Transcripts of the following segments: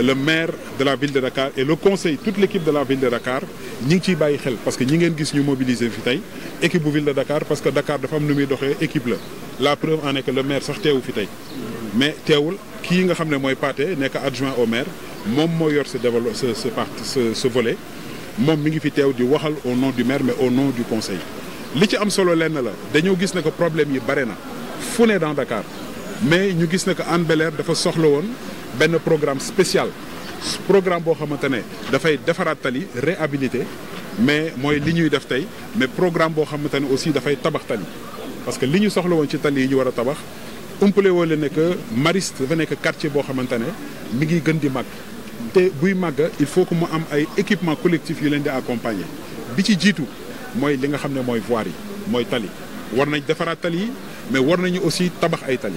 le maire de la ville de Dakar et le conseil toute l'équipe de la ville de Dakar ñi avons parce que ñi ngeen gis ñu mobiliser fi équipe ville de Dakar parce que Dakar dafa am nu équipe la la preuve en est que le maire sax teewu mais teewul qui nga xam ne est adjoint au maire mon moo yor ce, développe ce volet mon mi ngi fi teew au nom du maire mais au nom du conseil li ci am solo lenn la nous gis que problème yi bare na dans Dakar mais nous avons vu que Hann Bel-Air dafa ben programme spécial programme bo xamante da fay defaraat tali réhabilité mais moy li ñuy def tay mais programme bo xamante aussi aussi fay tabax tali parce que li ñu soxla woon ci tali yi ñu wara tabax umpale wolé la que Mariste dafa nekk quartier bo xamante mi ngi gën di mag té buy il faut que mu am ay équipement collectif yu leen di accompagner bi ci moi moy li nga xamné moy mooy voirie yi tali war nañ tali mais war nañ aussi tabax ay tali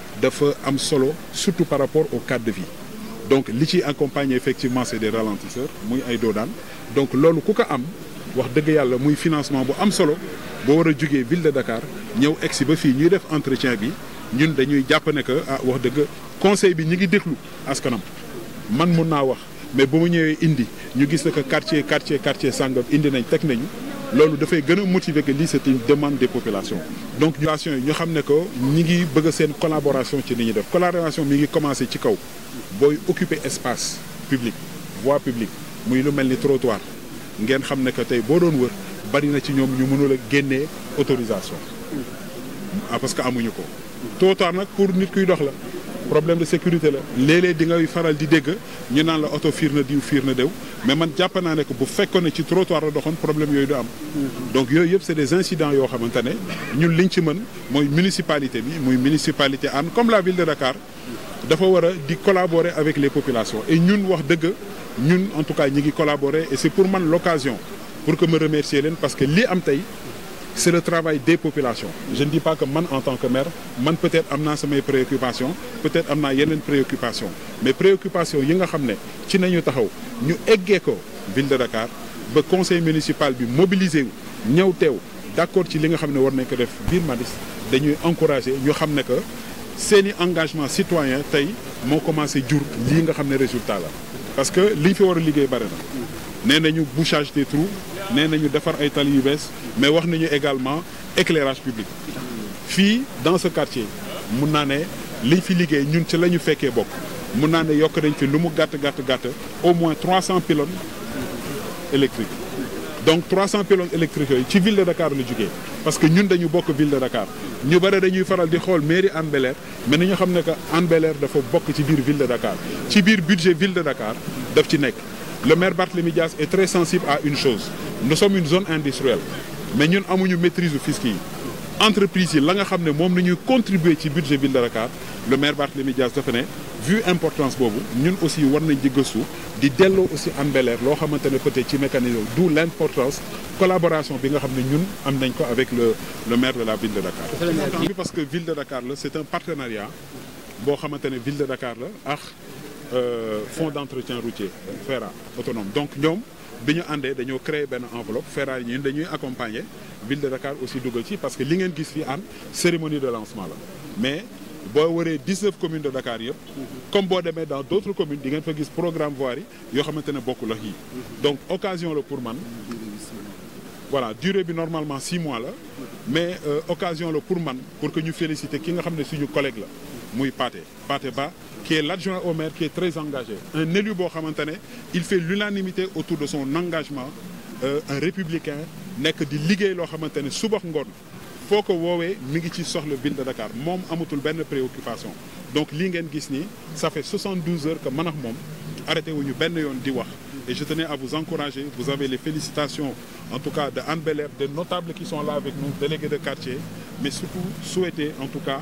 am solo surtout par rapport au cadre de vie donc li accompagne effectivement c'est des ralentisseurs muy ay donc lolu am wax muy financement bu am solo bo wara ville de Dakar ñëw exi ba fi ñuy def entretien bi ñun dañuy japp ne que ah wax deug conseil bi ñi ngi askanam man naa wax mais indi ñu gis que quartier quartier quartier indi nañ loolu da fay gëna motiver que lii c'est une demande des populations donc population ñu xamné ko ñi ngi bëgg seen collaboration ci li ñuy def collaboration mi ngi commencer ci kaw boy occuper espace public voie publique muy lu melni trottoir ngeen xamné ne que tey boo doon wër bari na ci ñom ñu mënul a génnee autorisation ah, parce que amuñu ko trottoir nak pour nit kuy dox la problème de sécurité là. Les qui di ngay faral di dégg ñu l'auto la oto fiir na mais man jàpp ne que bu fekkoon ci trottoir la doxoon problème yooyu du donc c'est des incidents yoo xamante ne ñun liñ ci municipalité bi municipalité comme la ville de Dakar dafa dit collaborer avec les populations et nous nous nous ñun en tout cas ñi collaborer et c'est pour moi l'occasion pour que me remercier remercie parce que li am c'est le travail des populations. Je ne dis pas que moi en tant que maire, moi peut-être amenant mes préoccupations peut-être am naa préoccupations mais préoccupations yi nga xam ne ci nañu taxaw ñu ko ville de Dakar le conseil municipal bi mobilisé wu ñëw d'accord ci li nga xam ne war nañ ko def biir Madis dañuy encourager ñu xam que seeni engagement citoyen tey moo commencé jur lii nga xam ne résultat la parce que ce fi a liggéey bare na bouchage des trous nous avons fait ay mais nous avons également éclairage public dans ce quartier nous avons fait fi Nous avons fait au moins 300 pylônes électriques donc 300 pylônes électriques la ville de Dakar parce que ñun dañu bokk ville de Dakar Nous des dañuy faral di mairie mais nous savons que fait ville de Dakar budget ville de Dakar le maire Barthélémy Diaz est très sensible à une chose nous sommes une zone industrielle mais nous avons une maîtrise fisc Les entreprise yi la nga au budget de la ville de Dakar le maire Barthélémy Diaz, a fait, vu l'importance, nous avons aussi war nañ ci des di aussi am bel air, xamante mécanisme d'où l'importance collaboration avec le maire de la ville de Dakar. parce que ville de Dakar c'est un partenariat pour xamante ville de Dakar euh, fonds d'entretien routier FERA autonome donc nous, nous créé une enveloppe FERA nous avons dañuy ville de Dakar aussi parce que li ngeen gis une cérémonie de lancement mais vous y 19 communes de Dakar comme vous dans d'autres communes vous ngeen fa programme voirie yoo xamante beaucoup bokku la donc occasion pour moi voilà durée normalement 6 mois mais euh, occasion le pour moi pour que nous félicitions ki nga Mouy qui est l'adjoint au maire qui est très engagé un élu boo il fait l'unanimité autour de son engagement euh, un républicain n'est que de le xamante sous subax Il Faut que woowee ci le ville de Dakar Mom amatul benn préoccupation donc lii ngeen ça fait 72 heures que man Mom arrêté wuñu benn et je tenais à vous encourager vous avez les félicitations en tout cas de Anne Belair des notables qui sont là avec nous délégués de quartier mais surtout souhaiter en tout cas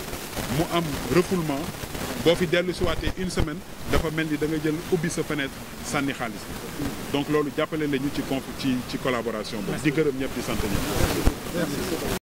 mu am refoulement boo fi dellu si waatee une semaine dafa mel ni da nga jël ubbi sa fenêtre sànni xaalis donc loolu jàppale la ñu ci conf ci ci collaboration boobu di gërëm ñëpp di sant ñëpp